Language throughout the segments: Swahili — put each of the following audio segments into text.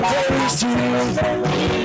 Lord, to you.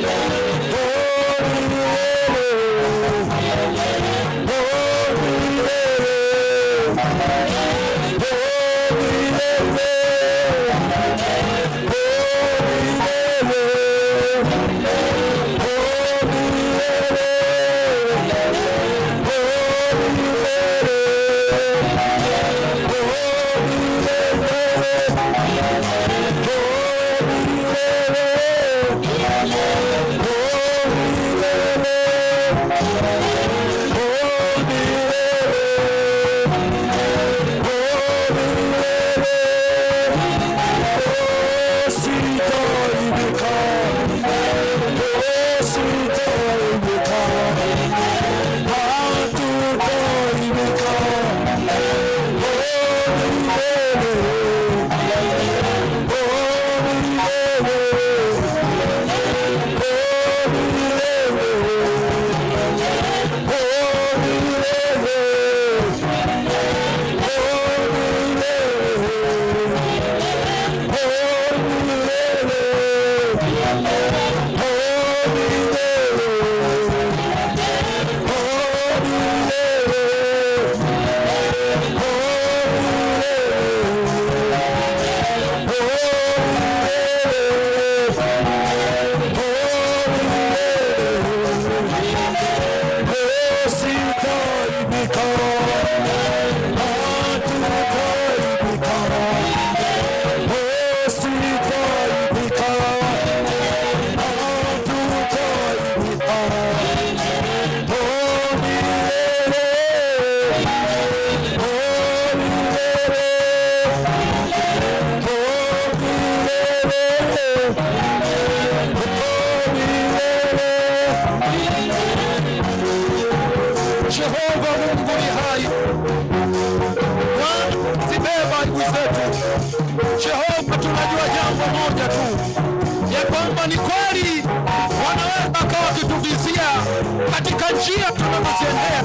tunajua jambo moja tu ya kwamba ni kweli wanaweza wakawa wakituvizia katika njia tunazotembea,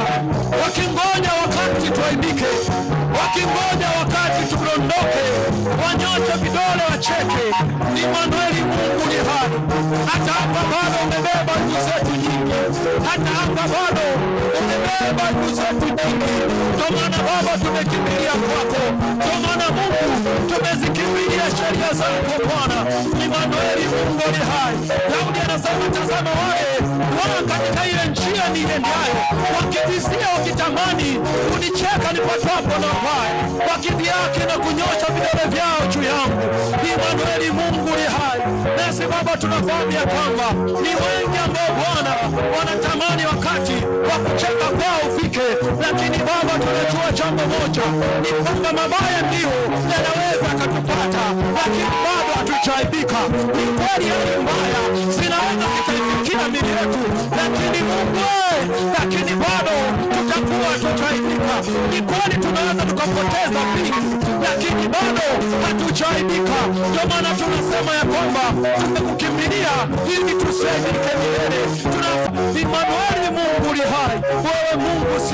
wakingoja wakati tuaibike, wakingoja wakati tudondoke, wanyoshe vidole, wacheke. ni Manueli, Mungu ni hai. Hata hapa bado umebeba ndugu zetu nyingi, hata hapa bado umebeba ndugu zetu nyingi. Ndio maana Baba tumekimbia mbele zako Bwana. Imanueli, Mungu ni hai. Daudi anasema tazama, wale wana katika ile njia niiendayo, wakivizia wakitamani kunicheka nipatapo na ubaya, wakidhi na kunyosha Sisi Baba tunafahamu ya kwamba ni wengi ambao Bwana wanatamani wakati wa kucheka kwao ufike, lakini Baba tunajua jambo moja ni kwamba mabaya ndio yanaweza akatupata, lakini bado hatuchaibika Ni kweli hali mbaya zinaweza zikaifikia mili yetu, lakini Mungu, eh, lakini bado tutakuwa tutaaibika. Ni kweli tunaweza tukapoteza vingi, lakini bado hatujaaibika. Ndio maana tunasema ya kwamba tumekukimbilia ili tusiaibike milele. tuna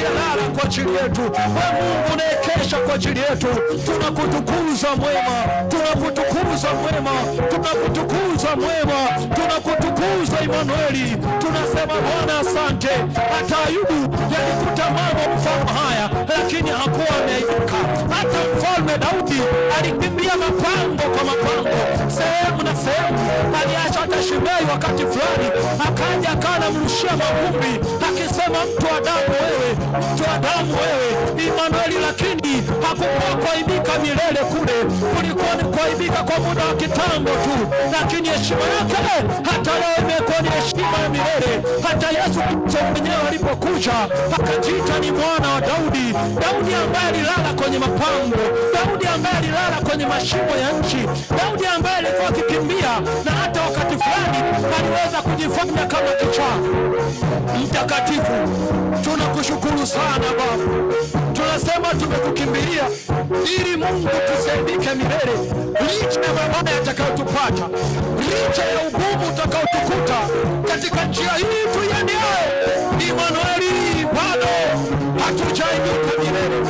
aliyelala kwa ajili yetu, we Mungu unayekesha kwa ajili yetu, tunakutukuza mwema, tunakutukuza mwema, tunakutukuza mwema, tunakutukuza Imanueli. Tunasema Bwana asante. Hata Ayubu yalikuta mambo mfano haya, lakini hakuwa ameinuka. Hata mfalme Daudi alikimbia mapango kwa mapango, sehemu na sehemu. Aliacha hata Shimei wakati fulani, akaja akanamrushia mavumbi akisema, mtu wa damu wewe, mtu wa damu wewe, Imanueli. Lakini hakukuwa kuaibika milele, kule kulikuwa ni kuaibika kwa muda wa kitambo tu, lakini heshima yake hata leo imekuwa ni heshima hata Yesu Kristo mwenyewe alipokuja akajiita ni mwana wa Daudi, Daudi ambaye alilala kwenye mapango, Daudi ambaye alilala kwenye mashimo ya nchi, Daudi ambaye alikuwa akikimbia na hata wakati fulani aliweza kujifanya kama kichaa. Mtakatifu, tunakushukuru sana Baba, tunasema tumekukimbilia ili Mungu tusaidike milele, licha ya mabaya yatakayotupata, licha ya ugumu utakaotukuta katika njia hii tuiendeayo. Imanueli, bado hatujainuka milele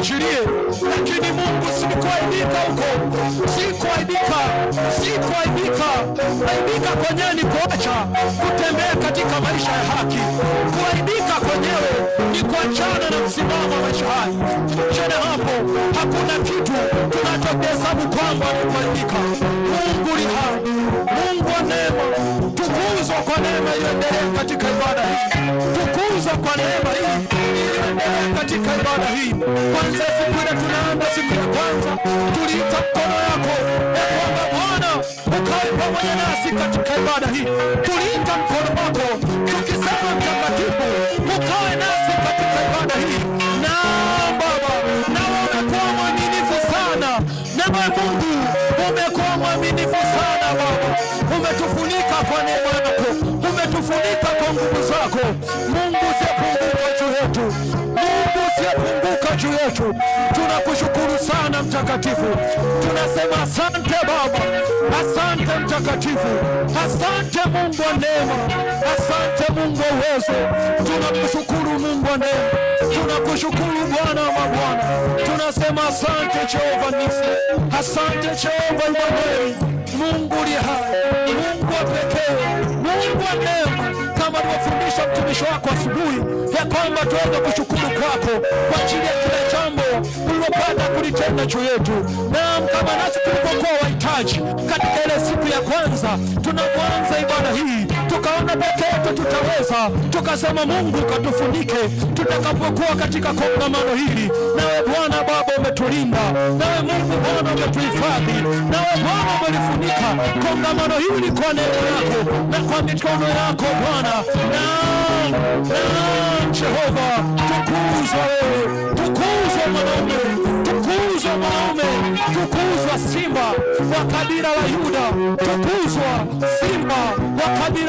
uachilie, lakini Mungu sikuaibika huko, sikuaibika, sikuaibika. Aibika kwenyewe ni kuacha kutembea katika maisha ya haki. Kuaibika kwenyewe ni kuachana na msimamo wa maisha haya. Chene hapo, hakuna kitu tunachohesabu kwamba ni kuaibika. Mungu li hai kwa neema iendelee katika ibada hii, kukuza kwa neema hii iendelee katika ibada hii. Kwanza siku ile tunaanza siku ya kwanza, tuliita mkono yako na kwamba Bwana ukae pamoja nasi katika ibada hii. Tuliita mkono wako tukisema, Mtakatifu ukae nasi tunakushukuru sana mtakatifu, tunasema asante Baba, asante mtakatifu, asante Mungu wa neema, asante Mungu wa uwezo. Tunakushukuru Mungu wa neema, tunakushukuru Bwana wa mabwana, tunasema asante Jehova Nisi, asante Jehova Imaneli, Mungu liha, Mungu wa pekee, Mungu wa neema kama alivyofundisha mtumishi wako asubuhi, ya kwamba tuweze kushukuru kwako kwa ajili ya kila jambo ulilopata kulitenda juu yetu. Naam, kama nasi tulipokuwa wahitaji katika ile siku ya kwanza tunapoanza ibada hii peke yetu tutaweza tukasema, Mungu katufunike tutakapokuwa katika kongamano hili. Nawe Bwana Baba umetulinda, nawe Mungu Bwana umetuhifadhi, nawe Bwana umelifunika kongamano hili kwa neema yako na kwa mikono yako Bwana na, na Jehova tukuzwe wewe, tukuzwe mwanaume tukuzwa mwanaume, tukuzwa simba wa kabila la Yuda, tukuzwa simba wa kabila